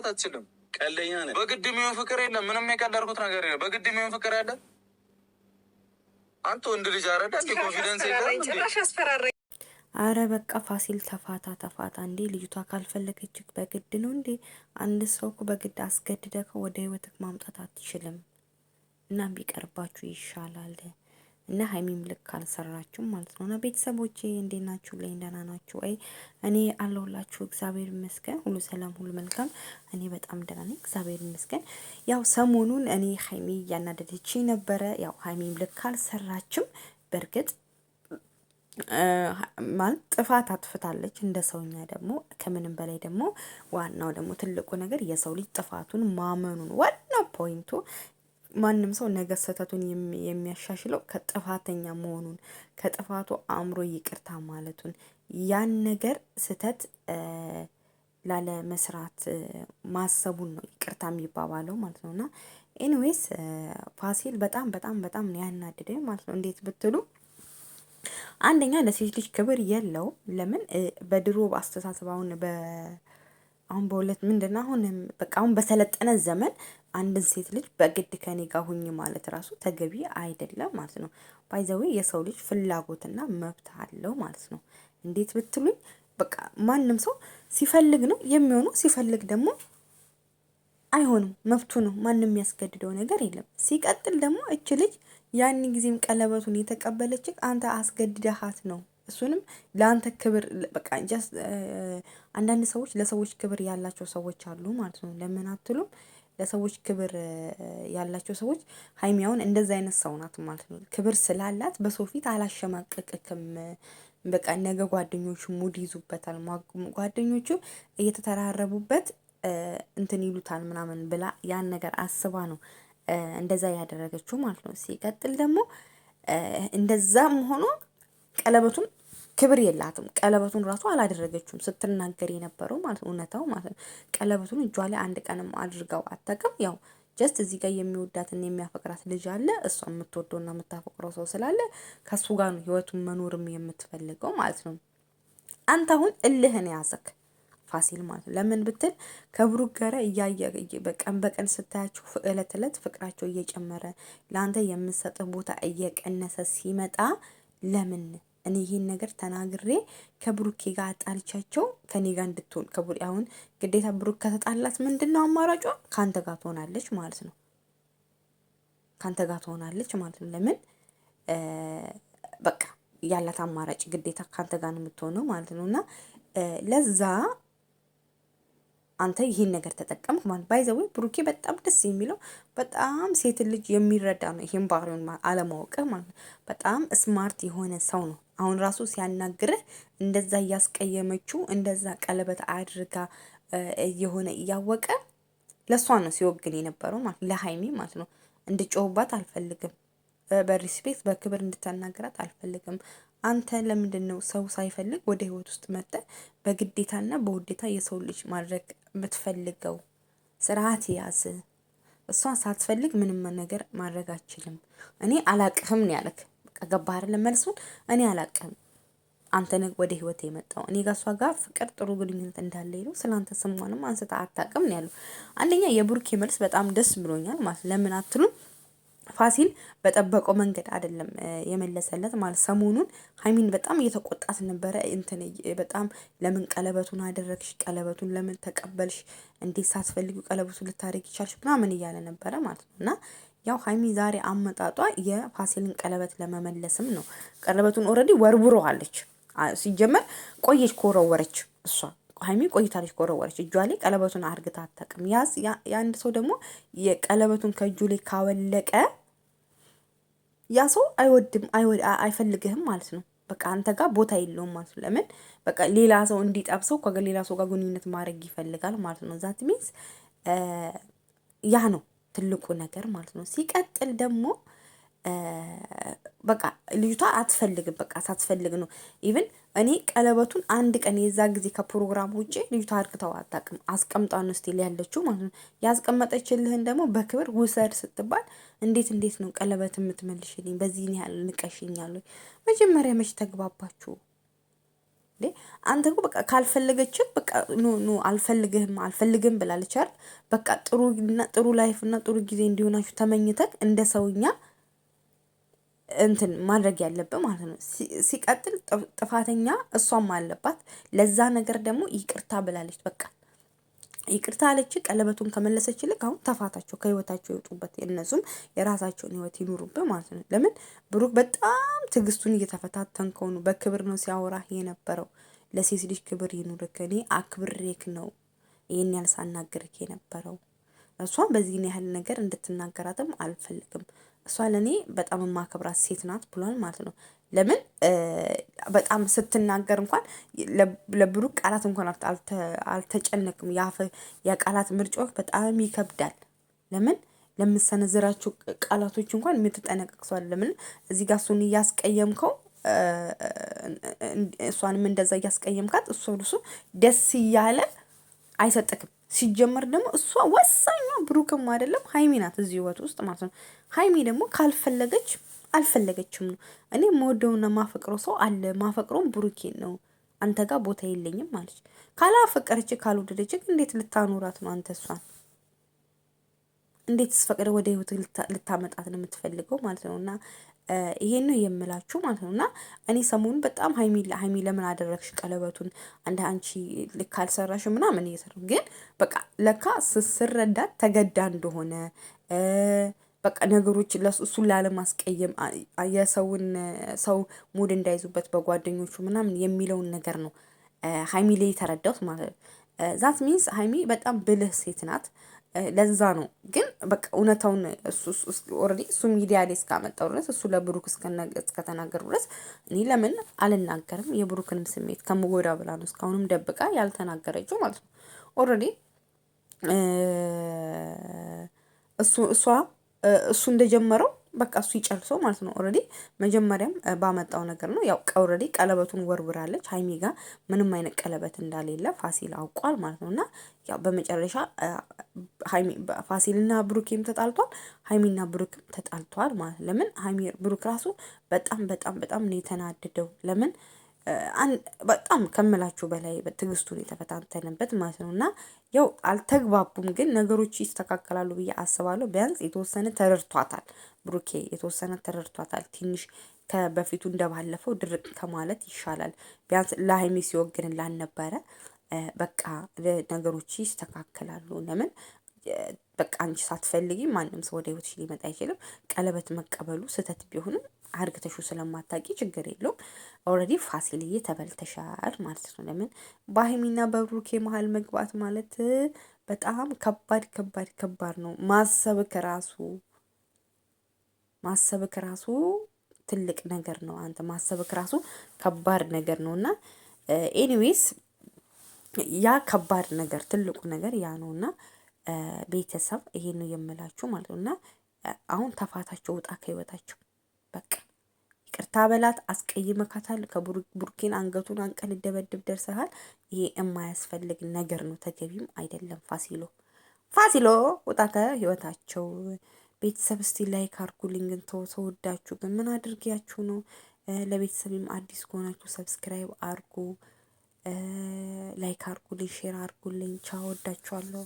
ማውራት አትችልም። ቀለኛ ነ በግድ የሚሆን ፍቅር የለም። ምንም የቀለድኩት ነገር የለም። በግድ የሚሆን ፍቅር ያለ አንተ ወንድ ልጅ አረዳ ኮንፊደንስ የለም። አረ በቃ ፋሲል ተፋታ ተፋታ እንዴ! ልጅቷ ካልፈለገችህ በግድ ነው እንዴ? አንድ ሰው እኮ በግድ አስገድደከው ወደ ህይወትህ ማምጣት አትችልም። እናም ቢቀርባችሁ ይሻላል። እና ሀይሚም ልክ አልሰራችሁም ማለት ነው። እና ቤተሰቦቼ እንዴት ናችሁ? ላይ ደህና ናችሁ ወይ? እኔ አለሁላችሁ። እግዚአብሔር ይመስገን፣ ሁሉ ሰላም፣ ሁሉ መልካም። እኔ በጣም ደህና ነኝ፣ እግዚአብሔር ይመስገን። ያው ሰሞኑን እኔ ሀይሚ እያናደደች ነበረ። ያው ሀይሚም ልክ አልሰራችም። በእርግጥ ማለት ጥፋት አጥፍታለች እንደ ሰውኛ። ደግሞ ከምንም በላይ ደግሞ ዋናው ደግሞ ትልቁ ነገር የሰው ልጅ ጥፋቱን ማመኑን ዋናው ፖይንቱ ማንም ሰው ነገ ስህተቱን የሚያሻሽለው ከጥፋተኛ መሆኑን ከጥፋቱ አእምሮ ይቅርታ ማለቱን ያን ነገር ስህተት ላለመስራት ማሰቡን ነው ይቅርታ የሚባባለው ማለት ነው። እና ኤኒዌይስ ፋሲል በጣም በጣም በጣም ነው ያናደደ ማለት ነው። እንዴት ብትሉ አንደኛ ለሴት ልጅ ክብር የለውም። ለምን በድሮ አስተሳሰብ አሁን በ አሁን በሁለት ምንድን ነው አሁን በቃ አሁን በሰለጠነ ዘመን አንድን ሴት ልጅ በግድ ከኔ ጋር ሁኝ ማለት ራሱ ተገቢ አይደለም ማለት ነው። ባይዘዊ የሰው ልጅ ፍላጎትና መብት አለው ማለት ነው። እንዴት ብትሉኝ በቃ ማንም ሰው ሲፈልግ ነው የሚሆነው፣ ሲፈልግ ደግሞ አይሆንም። መብቱ ነው። ማንም የሚያስገድደው ነገር የለም። ሲቀጥል ደግሞ እች ልጅ ያን ጊዜም ቀለበቱን የተቀበለች አንተ አስገድደሃት ነው እሱንም ለአንተ ክብር በቃ አንዳንድ ሰዎች ለሰዎች ክብር ያላቸው ሰዎች አሉ ማለት ነው። ለምን አትሉም? ለሰዎች ክብር ያላቸው ሰዎች ሀይሚያውን እንደዚ እንደዛ አይነት ሰው ናት ማለት ነው። ክብር ስላላት በሰው ፊት አላሸማቀቅክም። በቃ ነገ ጓደኞቹ ሙድ ይዙበታል፣ ጓደኞቹ እየተተራረቡበት እንትን ይሉታል ምናምን ብላ ያን ነገር አስባ ነው እንደዛ ያደረገችው ማለት ነው። ሲቀጥል ደግሞ እንደዛም ሆኖ ቀለበቱም ክብር የላትም። ቀለበቱን ራሱ አላደረገችውም ስትናገር የነበረው ማለት ነው። እውነታው ማለት ነው። ቀለበቱን እጇ ላይ አንድ ቀንም አድርገው አታውቅም። ያው ጀስት እዚህ ጋር የሚወዳትና የሚያፈቅራት ልጅ አለ። እሷ የምትወደውና የምታፈቅረው ሰው ስላለ ከሱ ጋር ነው ህይወቱን መኖርም የምትፈልገው ማለት ነው። አንተ አሁን እልህን ያዘክ ፋሲል ማለት ነው። ለምን ብትል ከብሩክ ጋር እያየ በቀን በቀን ስታያቸው እለት እለት ፍቅራቸው እየጨመረ ለአንተ የምሰጥህ ቦታ እየቀነሰ ሲመጣ ለምን እኔ ይሄን ነገር ተናግሬ ከብሩኬ ጋር አጣልቻቸው ከኔ ጋር እንድትሆን ከቡሪ አሁን ግዴታ ብሩክ ከተጣላት ምንድን ነው አማራጯ? ከአንተ ጋር ትሆናለች ማለት ነው። ከአንተ ጋር ትሆናለች ማለት ነው። ለምን በቃ ያላት አማራጭ ግዴታ ከአንተ ጋር ነው የምትሆነው ማለት ነው። እና ለዛ አንተ ይህን ነገር ተጠቀምክ ማለት ባይዘዌ ብሩኬ በጣም ደስ የሚለው በጣም ሴትን ልጅ የሚረዳ ነው። ይህን ባህሪውን አለማወቅህ ማለት ነው። በጣም ስማርት የሆነ ሰው ነው። አሁን ራሱ ሲያናግርህ እንደዛ እያስቀየመችው እንደዛ ቀለበት አድርጋ እየሆነ እያወቀ ለእሷ ነው ሲወግን የነበረው ማለት ለሀይሚ ማለት ነው። እንድጮህባት አልፈልግም። በሪስፔክት በክብር እንድታናግራት አልፈልግም። አንተ ለምንድን ነው ሰው ሳይፈልግ ወደ ህይወት ውስጥ በግዴታ በግዴታና በውዴታ የሰው ልጅ ማድረግ የምትፈልገው? ስርዓት ያዝ። እሷ ሳትፈልግ ምንም ነገር ማድረግ አችልም፣ እኔ አላቅህም ያለክ። ገባህ አይደለም? መልሱን እኔ አላቅም። አንተ ነህ ወደ ህይወት የመጣው። እኔ ጋር እሷ ጋር ፍቅር፣ ጥሩ ግንኙነት እንዳለ ይሉ ስለአንተ ስሟንም አንስታ አታቅም ነው ያለው። አንደኛ የብሩኬ መልስ በጣም ደስ ብሎኛል ማለት ለምን አትሉ ፋሲል በጠበቀው መንገድ አይደለም የመለሰለት ማለት ሰሞኑን ሀይሚን በጣም እየተቆጣት ነበረ። እንትን በጣም ለምን ቀለበቱን አደረግሽ? ቀለበቱን ለምን ተቀበልሽ? እንዴት ሳትፈልጊው ቀለበቱን ልታደርግ ይቻልሽ? ምናምን እያለ ነበረ ማለት ነው እና ያው ሀይሚ ዛሬ አመጣጧ የፋሲልን ቀለበት ለመመለስም ነው። ቀለበቱን ኦልሬዲ ወርውረዋለች። ሲጀመር ቆየች ከወረወረች እሷ ሀይሚ ቆይታለች ከወረወረች። እጇ ላይ ቀለበቱን አርግታ አታውቅም። ያዝ የአንድ ሰው ደግሞ የቀለበቱን ከእጁ ላይ ካወለቀ ያ ሰው አይወድም አይፈልግህም ማለት ነው። በቃ አንተ ጋር ቦታ የለውም ማለት ነው። ለምን በቃ ሌላ ሰው እንዲጠብሰው ከሌላ ሰው ጋር ግንኙነት ማድረግ ይፈልጋል ማለት ነው። ዛት ሚንስ ያ ነው ትልቁ ነገር ማለት ነው። ሲቀጥል ደግሞ በቃ ልጅቷ አትፈልግም። በቃ ሳትፈልግ ነው። ኢቭን እኔ ቀለበቱን አንድ ቀን የዛ ጊዜ ከፕሮግራም ውጭ ልጅቷ አድርግተው አታውቅም። አስቀምጣ ነው ስቲል ያለችው ማለት ነው። ያስቀመጠችልህን ደግሞ በክብር ውሰድ ስትባል እንዴት እንዴት ነው ቀለበት የምትመልሽልኝ? በዚህን ያህል ንቀሽኛለሁ። መጀመሪያ መች ተግባባችሁ? አንተ እኮ በቃ ካልፈለገችህ በቃ ኑ ኑ አልፈልግህም አልፈልግህም ብላለች አይደል? በቃ ጥሩ እና ጥሩ ላይፍ እና ጥሩ ጊዜ እንዲሆናችሁ ተመኝተን እንደ ሰውኛ እንትን ማድረግ ያለብን ማለት ነው። ሲቀጥል ጥፋተኛ እሷም አለባት። ለዛ ነገር ደግሞ ይቅርታ ብላለች በቃ ይቅርታ አለች። ቀለበቱን ከመለሰች ይልቅ አሁን ተፋታቸው፣ ከህይወታቸው ይወጡበት፣ እነሱም የራሳቸውን ህይወት ይኑሩበት ማለት ነው። ለምን ብሩክ በጣም ትዕግስቱን እየተፈታተንከው ነው። በክብር ነው ሲያወራህ የነበረው። ለሴት ልጅ ክብር ይኑርክ፣ እኔ አክብሬክ ነው ይህን ያህል ሳናገርክ የነበረው። እሷን በዚህን ያህል ነገር እንድትናገራትም አልፈልግም። እሷ ለእኔ በጣም የማከብራት ሴት ናት ብሏል ማለት ነው። ለምን በጣም ስትናገር እንኳን ለብሩክ ቃላት እንኳን አልተጨነቅም። የቃላት ምርጫዎች በጣም ይከብዳል። ለምን ለምሰነዝራቸው ቃላቶች እንኳን የምትጠነቀቅ ሰው ለምን እዚህ ጋር እሱን እያስቀየምከው እሷንም እንደዛ እያስቀየምካት እሱ እሱ ደስ እያለ አይሰጥክም። ሲጀመር ደግሞ እሷ ወሳኛ ብሩክም አይደለም ሀይሚ ናት እዚህ ህይወት ውስጥ ማለት ነው። ሀይሚ ደግሞ ካልፈለገች አልፈለገችም ነው። እኔ መወደውና ማፈቅሮ ሰው አለ ማፈቅሮም ብሩኬን ነው። አንተ ጋር ቦታ የለኝም ማለች። ካላፈቀረች ካልወደደች እንዴት ልታኖራት ነው? አንተ እሷን እንዴት ስፈቅደ ወደ ህይወት ልታመጣት ነው የምትፈልገው ማለት ነው። እና ይሄን ነው የምላችሁ ማለት ነው። እና እኔ ሰሞኑን በጣም ሀይሚ ለምን አደረግሽ ቀለበቱን አንድ አንቺ ልክ አልሰራሽ ምናምን እየሰሩ ግን በቃ ለካ ስስረዳት ተገዳ እንደሆነ በቃ ነገሮችን እሱን ላለማስቀየም የሰውን ሰው ሙድ እንዳይዙበት በጓደኞቹ ምናምን የሚለውን ነገር ነው ሀይሚ ላይ የተረዳሁት ማለት ነው። ዛት ሚንስ ሀይሚ በጣም ብልህ ሴት ናት። ለዛ ነው ግን በቃ እውነታውን ኦልሬዲ እሱ ሚዲያ ላይ እስካመጣው ድረስ እሱ ለብሩክ እስከተናገሩ ድረስ እኔ ለምን አልናገርም የብሩክንም ስሜት ከምጎዳ ብላ ነው እስካሁንም ደብቃ ያልተናገረችው ማለት ነው ኦልሬዲ እሷ እሱ እንደጀመረው በቃ እሱ ይጨርሰው ማለት ነው። ኦልሬዲ መጀመሪያም ባመጣው ነገር ነው ያው ኦልሬዲ ቀለበቱን ወርውራለች ሀይሚ ጋ ምንም አይነት ቀለበት እንዳሌለ ፋሲል አውቋል ማለት ነው። እና ያው በመጨረሻ ፋሲልና ብሩኬም ተጣልቷል፣ ሀይሚና ብሩክም ተጣልቷል ማለት ለምን ሀይሚ ብሩክ ራሱ በጣም በጣም በጣም ነው የተናደደው ለምን በጣም ከምላችሁ በላይ ትዕግስቱን የተፈታተንበት ማለት ነው። እና ያው አልተግባቡም፣ ግን ነገሮች ይስተካከላሉ ብዬ አስባለሁ። ቢያንስ የተወሰነ ተረድቷታል፣ ብሩኬ የተወሰነ ተረድቷታል። ትንሽ ከበፊቱ እንደባለፈው ድርቅ ከማለት ይሻላል። ቢያንስ ለሀይሚ ሲወግንላን ነበረ። በቃ ነገሮች ይስተካከላሉ። ለምን በቃ አንቺ ሳትፈልጊ ማንም ሰው ወደ ህይወትሽ ሊመጣ አይችልም። ቀለበት መቀበሉ ስህተት ቢሆንም አርግተሹ ስለማታቂ ችግር የለውም። ኦልሬዲ ፋሲልዬ ተበልተሻል ማለት ነው። ለምን በሀይሚና በብሩኬ መሀል መግባት ማለት በጣም ከባድ ከባድ ከባድ ነው። ማሰብ ከራሱ ማሰብ ከራሱ ትልቅ ነገር ነው። አንተ ማሰብ ከራሱ ከባድ ነገር ነው እና ኤኒዌይስ ያ ከባድ ነገር ትልቁ ነገር ያ ነው እና ቤተሰብ ይሄን ነው የምላችሁ ማለት ነው እና አሁን ተፋታቸው፣ ውጣ ከህይወታቸው በቃ ይቅርታ በላት። አስቀይመካታል። ከቡርኪን አንገቱን አንቀል ደበድብ ደርሰሃል። ይሄ የማያስፈልግ ነገር ነው፣ ተገቢም አይደለም። ፋሲሎ ፋሲሎ ወጣተ ህይወታቸው ቤተሰብ እስቲ ላይክ አድርጉልኝ። ግን ተወዳችሁ ግን ምን አድርጊያችሁ ነው? ለቤተሰብም አዲስ ከሆናችሁ ሰብስክራይብ አርጉ፣ ላይክ አርጉልኝ፣ ሼር አርጉልኝ። ቻ ወዳችኋለሁ።